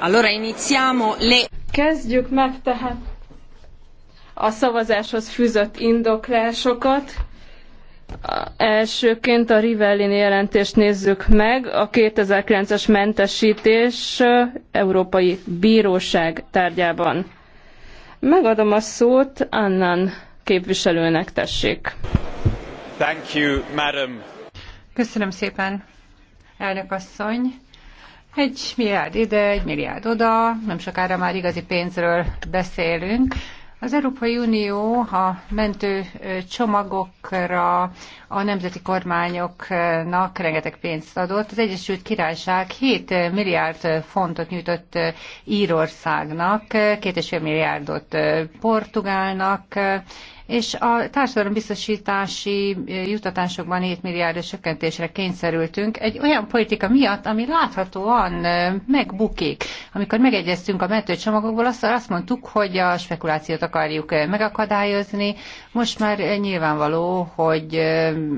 Allora iniziamo le... Kezdjük meg tehát a szavazáshoz fűzött indoklásokat. Elsőként a Rivellin jelentést nézzük meg, a 2009-es mentesítés Európai Bíróság tárgyában. Megadom a szót Annan képviselőnek, tessék. Thank you, madam. Köszönöm szépen, elnök asszony. Egy milliárd ide, egy milliárd oda, nem sokára már igazi pénzről beszélünk. Az Európai Unió a mentő csomagokra a nemzeti kormányoknak rengeteg pénzt adott. Az Egyesült Királyság 7 milliárd fontot nyújtott Írországnak, 2,5 milliárdot Portugálnak, és a társadalombiztosítási eh, juttatásokban 7 milliárdos csökkentésre kényszerültünk egy olyan politika miatt, ami láthatóan eh, megbukik. Amikor megegyeztünk a mentőcsomagokból, azt, azt mondtuk, hogy a spekulációt akarjuk eh, megakadályozni. Most már nyilvánvaló, hogy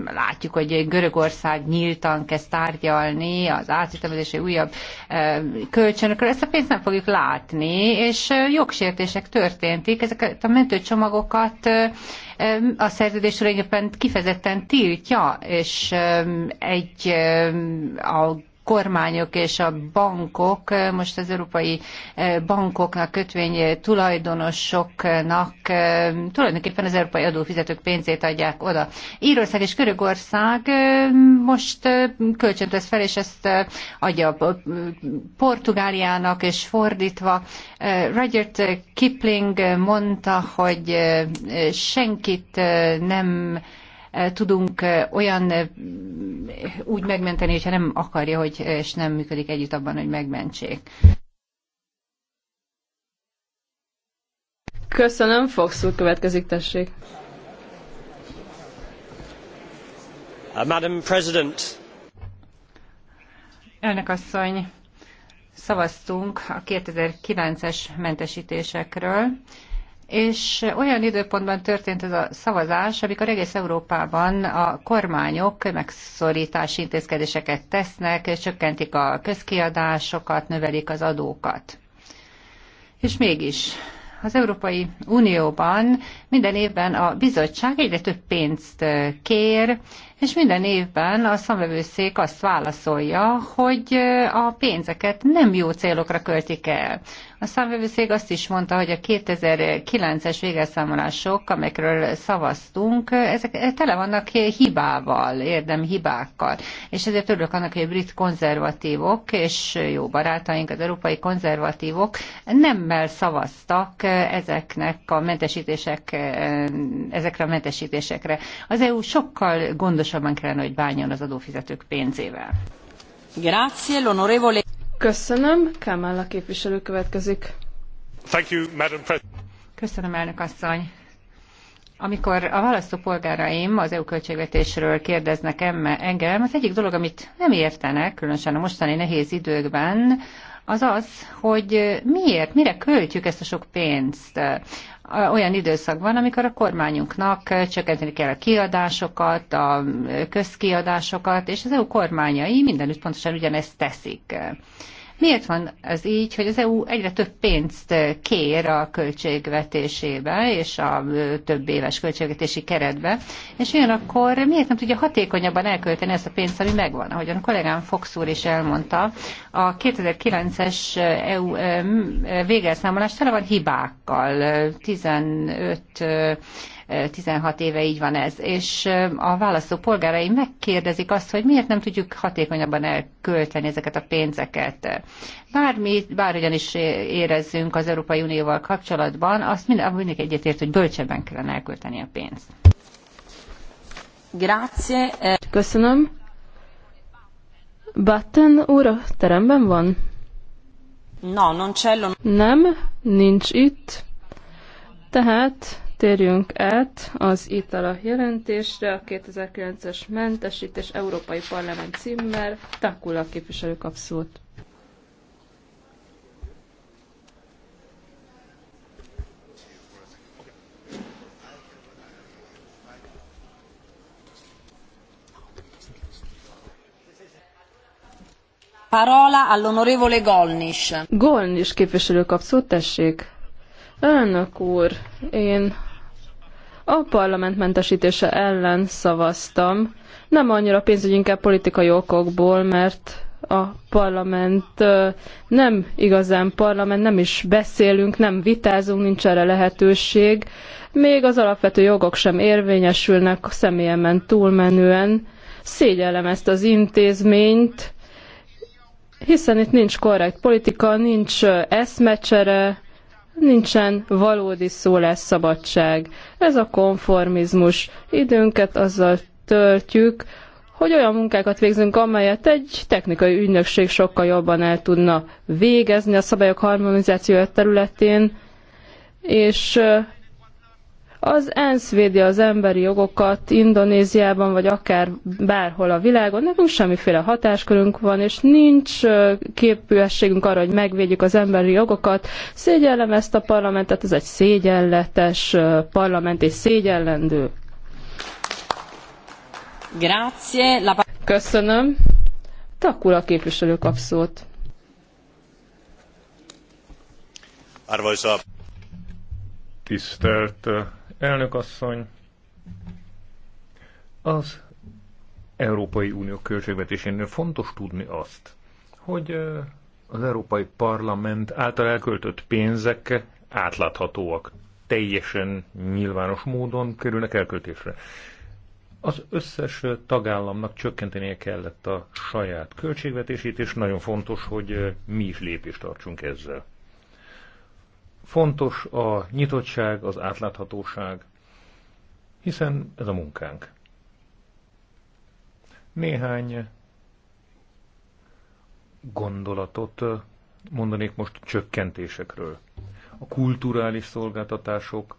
látjuk, hogy Görögország nyíltan kezd tárgyalni az átütemezési újabb kölcsönökről. Ezt a pénzt nem fogjuk látni, és jogsértések történtik. Ezeket a mentőcsomagokat a szerződés tulajdonképpen kifejezetten tiltja, és egy a kormányok és a bankok, most az európai eh, bankoknak, kötvény eh, tulajdonosoknak eh, tulajdonképpen az európai adófizetők pénzét adják oda. Írország és körögország most kölcsönt vesz fel, és ezt adja Portugáliának, és fordítva. Rudyard Kipling mondta, hogy senkit nem tudunk eh, olyan eh, úgy megmenteni, hogyha nem akarja, hogy, eh, és nem működik együtt abban, hogy megmentsék. Köszönöm, Fox úr következik, tessék. Uh, Madam President. Elnök asszony, szavaztunk a 2009-es mentesítésekről, és olyan időpontban történt ez a szavazás, amikor egész Európában a kormányok megszorítási intézkedéseket tesznek, csökkentik a közkiadásokat, növelik az adókat. És mégis az Európai Unióban minden évben a bizottság egyre több pénzt kér, és minden évben a számvevőszék azt válaszolja, hogy a pénzeket nem jó célokra költik el. A számvevőszék azt is mondta, hogy a 2009-es végelszámolások, amikről szavaztunk, ezek tele vannak hibával, érdem hibákkal. És ezért örülök annak, hogy a brit konzervatívok és jó barátaink, az európai konzervatívok nemmel szavaztak ezeknek a mentesítések, ezekre a mentesítésekre. Az EU sokkal gondos Pontosabban kellene, hogy bánjon az adófizetők pénzével. Grazie, l'onorevole. Köszönöm. Kamala képviselő következik. Thank you, Madam Köszönöm, elnök asszony. Amikor a választópolgáraim az EU költségvetésről kérdeznek engem, az egyik dolog, amit nem értenek, különösen a mostani nehéz időkben, az az, hogy miért, mire költjük ezt a sok pénzt olyan időszakban, amikor a kormányunknak csökkenteni kell a kiadásokat, a közkiadásokat, és az EU kormányai mindenütt pontosan ugyanezt teszik. Miért van ez így, hogy az EU egyre több pénzt eh, kér a költségvetésébe és a eh, több éves költségvetési keretbe, és ugyanakkor miért nem tudja hatékonyabban elkölteni ezt a pénzt, ami megvan? Ahogyan a kollégám Fox úr is elmondta, a 2009-es EU eh, e végelszámolás tele van hibákkal, 15 16 éve így van ez. És a válaszó polgárai megkérdezik azt, hogy miért nem tudjuk hatékonyabban elkölteni ezeket a pénzeket. Bármi, bárhogyan is érezzünk az Európai Unióval kapcsolatban, azt mind, mindig egyetért, hogy bölcsebben kellene elkölteni a pénzt. Grazie. Köszönöm. Button úr a teremben van? No, non c'è. Nem, nincs itt. Tehát Térjünk át az itala jelentésre, a 2009-es mentesítés Európai Parlament címmel. Takula képviselő kap szót. Parola all'onorevole Golnis. Golnis képviselő kap szót, tessék. Elnök úr, én a parlament mentesítése ellen szavaztam, nem annyira pénzügyi, inkább politikai okokból, mert a parlament nem igazán parlament, nem is beszélünk, nem vitázunk, nincs erre lehetőség. Még az alapvető jogok sem érvényesülnek a személyemen túlmenően. Szégyellem ezt az intézményt, hiszen itt nincs korrekt politika, nincs eszmecsere, nincsen valódi szólásszabadság. Ez a konformizmus. Időnket azzal töltjük, hogy olyan munkákat végzünk, amelyet egy technikai ügynökség sokkal jobban el tudna végezni a szabályok harmonizációja területén, és az ENSZ védi az emberi jogokat Indonéziában, vagy akár bárhol a világon. Nekünk semmiféle hatáskörünk van, és nincs képességünk arra, hogy megvédjük az emberi jogokat. Szégyellem ezt a parlamentet, ez egy szégyenletes parlament, és szégyellendő. Grazie. La... Köszönöm. Takula képviselő kap szót. Arvoisa. Tisztelt Elnök asszony, az Európai Unió költségvetésénél fontos tudni azt, hogy az Európai Parlament által elköltött pénzek átláthatóak, teljesen nyilvános módon kerülnek elköltésre. Az összes tagállamnak csökkentenie kellett a saját költségvetését, és nagyon fontos, hogy mi is lépést tartsunk ezzel. Fontos a nyitottság, az átláthatóság, hiszen ez a munkánk. Néhány gondolatot mondanék most csökkentésekről. A kulturális szolgáltatások,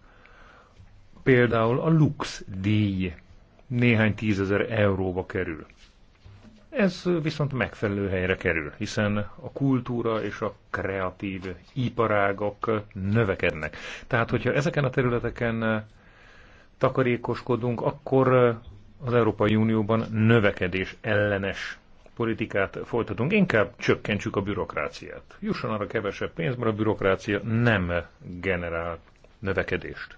például a Lux díj néhány tízezer euróba kerül. Ez viszont megfelelő helyre kerül, hiszen a kultúra és a kreatív iparágak növekednek. Tehát, hogyha ezeken a területeken eh, takarékoskodunk, akkor eh, az Európai Unióban növekedés ellenes politikát folytatunk, inkább csökkentsük a bürokráciát. Jusson arra kevesebb pénz, mert a bürokrácia nem generál növekedést.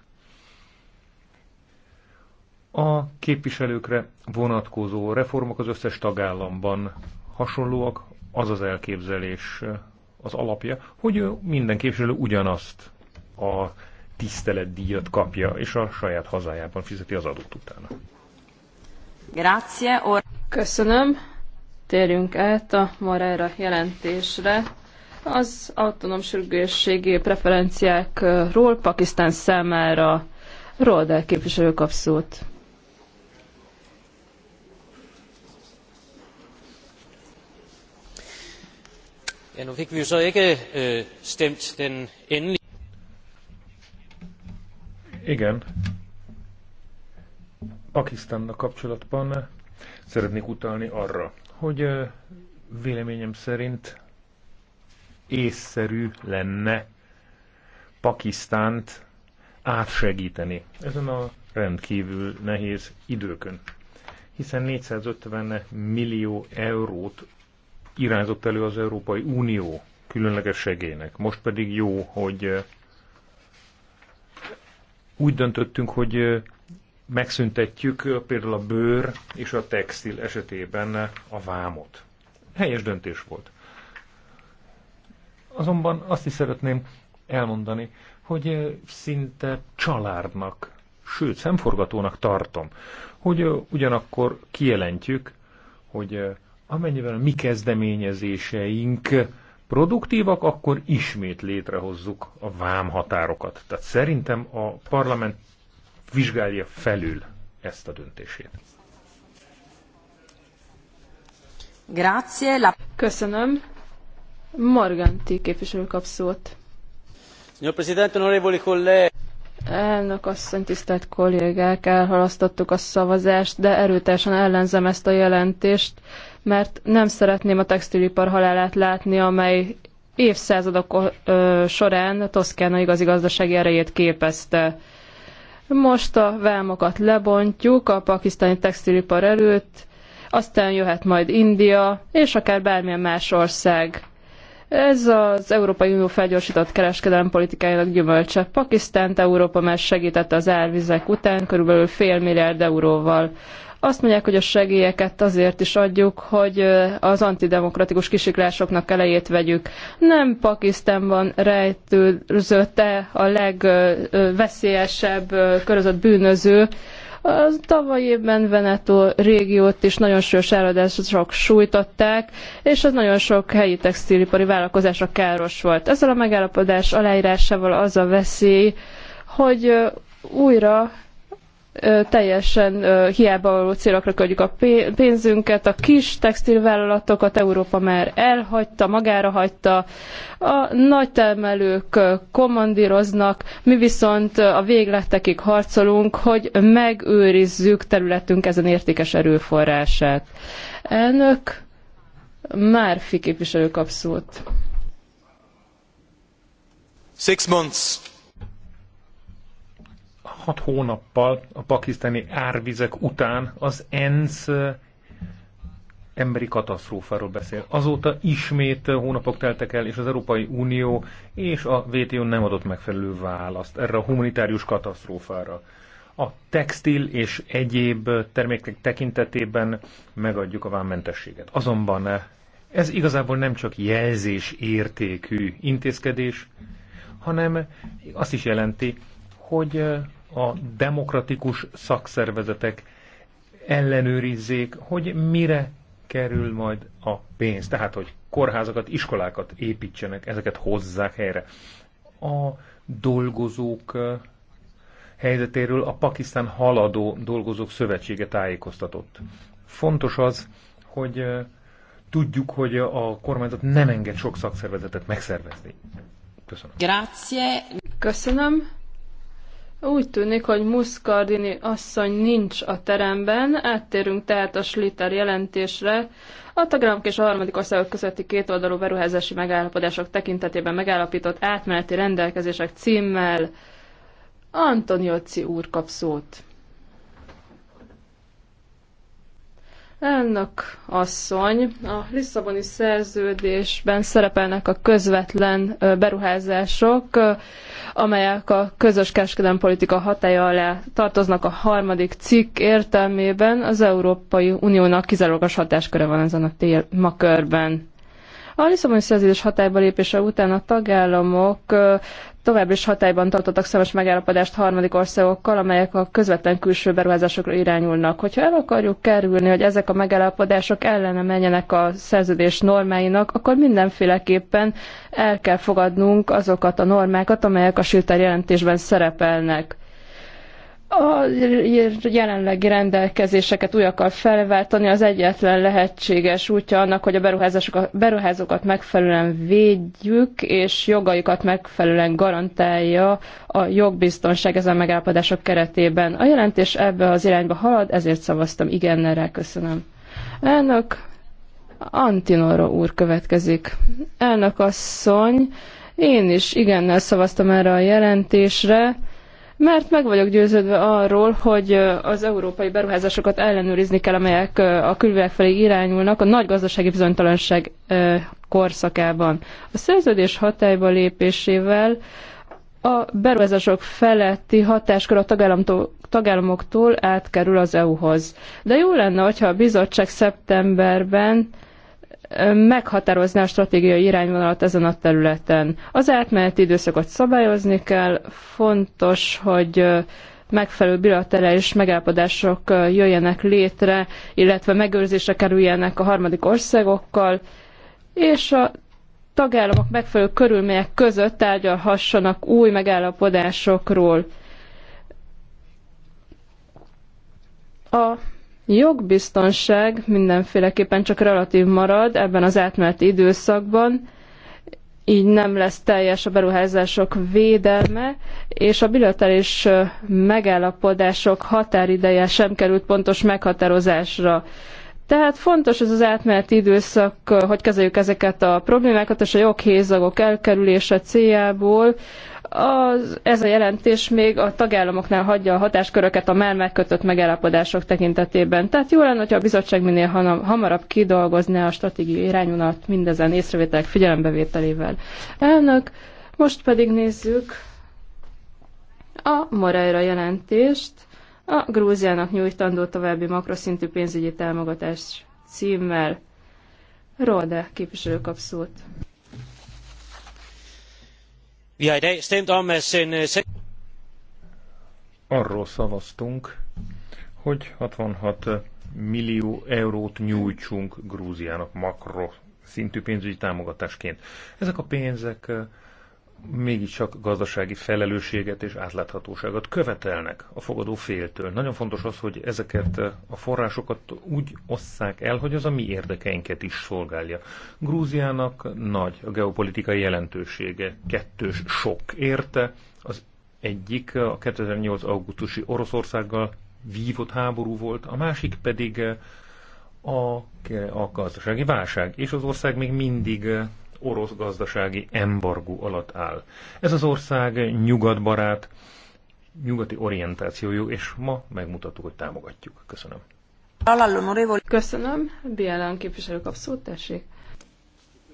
A képviselőkre vonatkozó reformok az összes tagállamban hasonlóak, az az elképzelés az alapja, hogy minden képviselő ugyanazt a tiszteletdíjat kapja, és a saját hazájában fizeti az adót utána. Grazie. Or- Köszönöm. Térjünk át a Morera jelentésre. Az autonóm sürgősségi preferenciákról Pakisztán számára Roldel képviselő kap szót. nu fik vi jo så ikke øh, stemt den endelige. Igen. Pakisztánnal kapcsolatban eh, szeretnék utalni arra, hogy eh, véleményem szerint észszerű lenne Pakisztánt átsegíteni ezen a rendkívül nehéz időkön, hiszen 450 millió eurót irányzott elő az Európai Unió különleges segélynek. Most pedig jó, hogy eh, úgy döntöttünk, hogy eh, megszüntetjük eh, például a bőr és a textil esetében a vámot. Helyes döntés volt. Azonban azt is szeretném elmondani, hogy szinte családnak, sőt szemforgatónak tartom, hogy ugyanakkor kijelentjük, hogy amennyiben a mi kezdeményezéseink produktívak, akkor ismét létrehozzuk a vámhatárokat. Tehát szerintem a parlament vizsgálja felül ezt a döntését. Grazie. Köszönöm. Morganti képviselő kap szót. Signor Presidente, onorevoli colleghi. Elnök asszony, tisztelt kollégák, elhalasztottuk a szavazást, de erőteljesen ellenzem ezt a jelentést mert nem szeretném a textilipar halálát látni, amely évszázadok során Toszkána igazi gazdasági erejét képezte. Most a vámokat lebontjuk a pakisztáni textilipar előtt, aztán jöhet majd India, és akár bármilyen más ország. Ez az Európai Unió felgyorsított kereskedelmi politikájának gyümölcse. Pakisztánt Európa már segítette az árvizek után körülbelül fél milliárd euróval. Azt mondják, hogy a segélyeket azért is adjuk, hogy az antidemokratikus kisiklásoknak elejét vegyük. Nem Pakisztánban rejtőzött-e a legveszélyesebb körözött bűnöző, a tavalyi évben Veneto régiót is nagyon súlyos áradások sújtották, és az nagyon sok helyi textilipari vállalkozásra káros volt. Ezzel a megállapodás aláírásával az a veszély, hogy újra teljesen hiába való célokra költjük a pénzünket, a kis textilvállalatokat Európa már elhagyta, magára hagyta, a nagy termelők kommandíroznak, mi viszont a végletekig harcolunk, hogy megőrizzük területünk ezen értékes erőforrását. Elnök, már képviselő kap szót. Six months hat hónappal a pakisztáni árvizek után az ENSZ eh, emberi katasztrófáról beszél. Azóta ismét eh, hónapok teltek el, és az Európai Unió és a WTO nem adott megfelelő választ erre a humanitárius katasztrófára. A textil és egyéb eh, termékek tekintetében megadjuk a vámmentességet. Azonban ez igazából nem csak jelzés értékű intézkedés, hanem azt is jelenti, hogy a demokratikus szakszervezetek ellenőrizzék, hogy mire kerül majd a pénz. Tehát, hogy kórházakat, iskolákat építsenek, ezeket hozzák helyre. A dolgozók helyzetéről a Pakisztán haladó dolgozók szövetsége tájékoztatott. Fontos az, hogy tudjuk, hogy a kormányzat nem enged sok szakszervezetet megszervezni. Köszönöm. Grazie. Köszönöm. Úgy tűnik, hogy Muszkardini asszony nincs a teremben, áttérünk tehát a Schlitter jelentésre. A tagállamok és a harmadik országok közötti kétoldalú beruházási megállapodások tekintetében megállapított átmeneti rendelkezések címmel Antoniozzi úr kap szót. Elnök asszony, a Lisszaboni szerződésben szerepelnek a közvetlen beruházások, amelyek a közös kereskedelmi politika hatája alá tartoznak a harmadik cikk értelmében. Az Európai Uniónak kizárólagos hatásköre van ezen a témakörben. A Lisszaboni szerződés hatályba lépése után a tagállamok továbbra is hatályban tartottak számos megállapodást harmadik országokkal, amelyek a közvetlen külső beruházásokra irányulnak. Hogyha el akarjuk kerülni, hogy ezek a megállapodások ellene menjenek a szerződés normáinak, akkor mindenféleképpen el kell fogadnunk azokat a normákat, amelyek a Sülter jelentésben szerepelnek a jelenlegi rendelkezéseket újakkal felváltani az egyetlen lehetséges útja annak, hogy a beruházókat megfelelően védjük, és jogaikat megfelelően garantálja a jogbiztonság ezen megállapodások keretében. A jelentés ebbe az irányba halad, ezért szavaztam igennel rá, köszönöm. Elnök Antinoro úr következik. Elnök asszony, én is igennel szavaztam erre a jelentésre, mert meg vagyok győződve arról, hogy az európai beruházásokat ellenőrizni kell, amelyek a külvilág felé irányulnak a nagy gazdasági bizonytalanság korszakában. A szerződés hatályba lépésével a beruházások feletti hatáskör a tagállamoktól átkerül az EU-hoz. De jó lenne, hogyha a bizottság szeptemberben meghatározni a stratégiai irányvonalat ezen a területen. Az átmeneti időszakot szabályozni kell, fontos, hogy megfelelő bilaterális megállapodások jöjjenek létre, illetve megőrzésre kerüljenek a harmadik országokkal, és a tagállamok megfelelő körülmények között tárgyalhassanak új megállapodásokról. A jogbiztonság mindenféleképpen csak relatív marad ebben az átmeneti időszakban, így nem lesz teljes a beruházások védelme, és a bilaterális megállapodások határideje sem került pontos meghatározásra. Tehát fontos ez az átmeneti időszak, hogy kezeljük ezeket a problémákat, és a joghézagok elkerülése céljából az, ez a jelentés még a tagállamoknál hagyja a hatásköröket a már megkötött megállapodások tekintetében. Tehát jó lenne, hogyha a bizottság minél hamarabb kidolgozná a stratégiai irányvonalat mindezen észrevételek figyelembevételével. Elnök, most pedig nézzük a Moreira jelentést, a Grúziának nyújtandó további makroszintű pénzügyi támogatás címmel. Rode képviselő kap szót. Eh, Arról szavaztunk, hogy 66 eh, millió eurót nyújtsunk Grúziának makro szintű pénzügyi támogatásként. Ezek a pénzek eh, mégiscsak gazdasági felelősséget és átláthatóságot követelnek a fogadó féltől. Nagyon fontos az, hogy ezeket a forrásokat úgy osszák el, hogy az a mi érdekeinket is szolgálja. Grúziának nagy a geopolitikai jelentősége, kettős sok érte, az egyik a 2008. augusztusi Oroszországgal vívott háború volt, a másik pedig a, a gazdasági válság, és az ország még mindig orosz gazdasági embargó alatt áll. Ez az ország nyugatbarát, nyugati orientációjú, és ma megmutattuk, hogy támogatjuk. Köszönöm. Köszönöm. Bielan képviselő kap szót, tessék.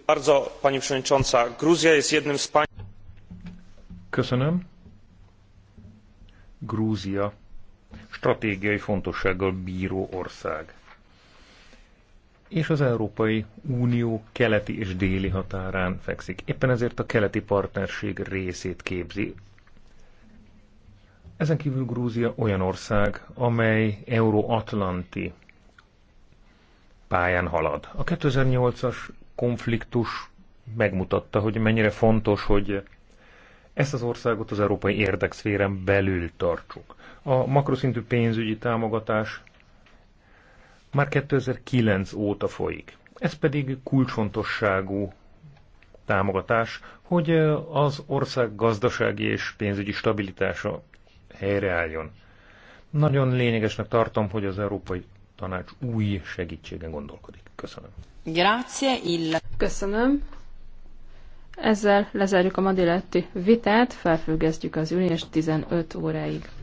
Bardzo, pani przewodnicząca. Gruzja jest jednym z pań... Köszönöm. Grúzia stratégiai fontossággal bíró ország és az Európai Unió keleti és déli határán fekszik. Éppen ezért a keleti partnerség részét képzi. Ezen kívül Grúzia olyan ország, amely euróatlanti pályán halad. A 2008-as konfliktus megmutatta, hogy mennyire fontos, hogy ezt az országot az európai érdekszféren belül tartsuk. A makroszintű pénzügyi támogatás már 2009 óta folyik. Ez pedig kulcsfontosságú támogatás, hogy az ország gazdasági és pénzügyi stabilitása helyreálljon. Nagyon lényegesnek tartom, hogy az Európai Tanács új segítségen gondolkodik. Köszönöm. Grazie illa. Köszönöm. Ezzel lezárjuk a ma vitát, felfüggesztjük az ülést 15 óráig.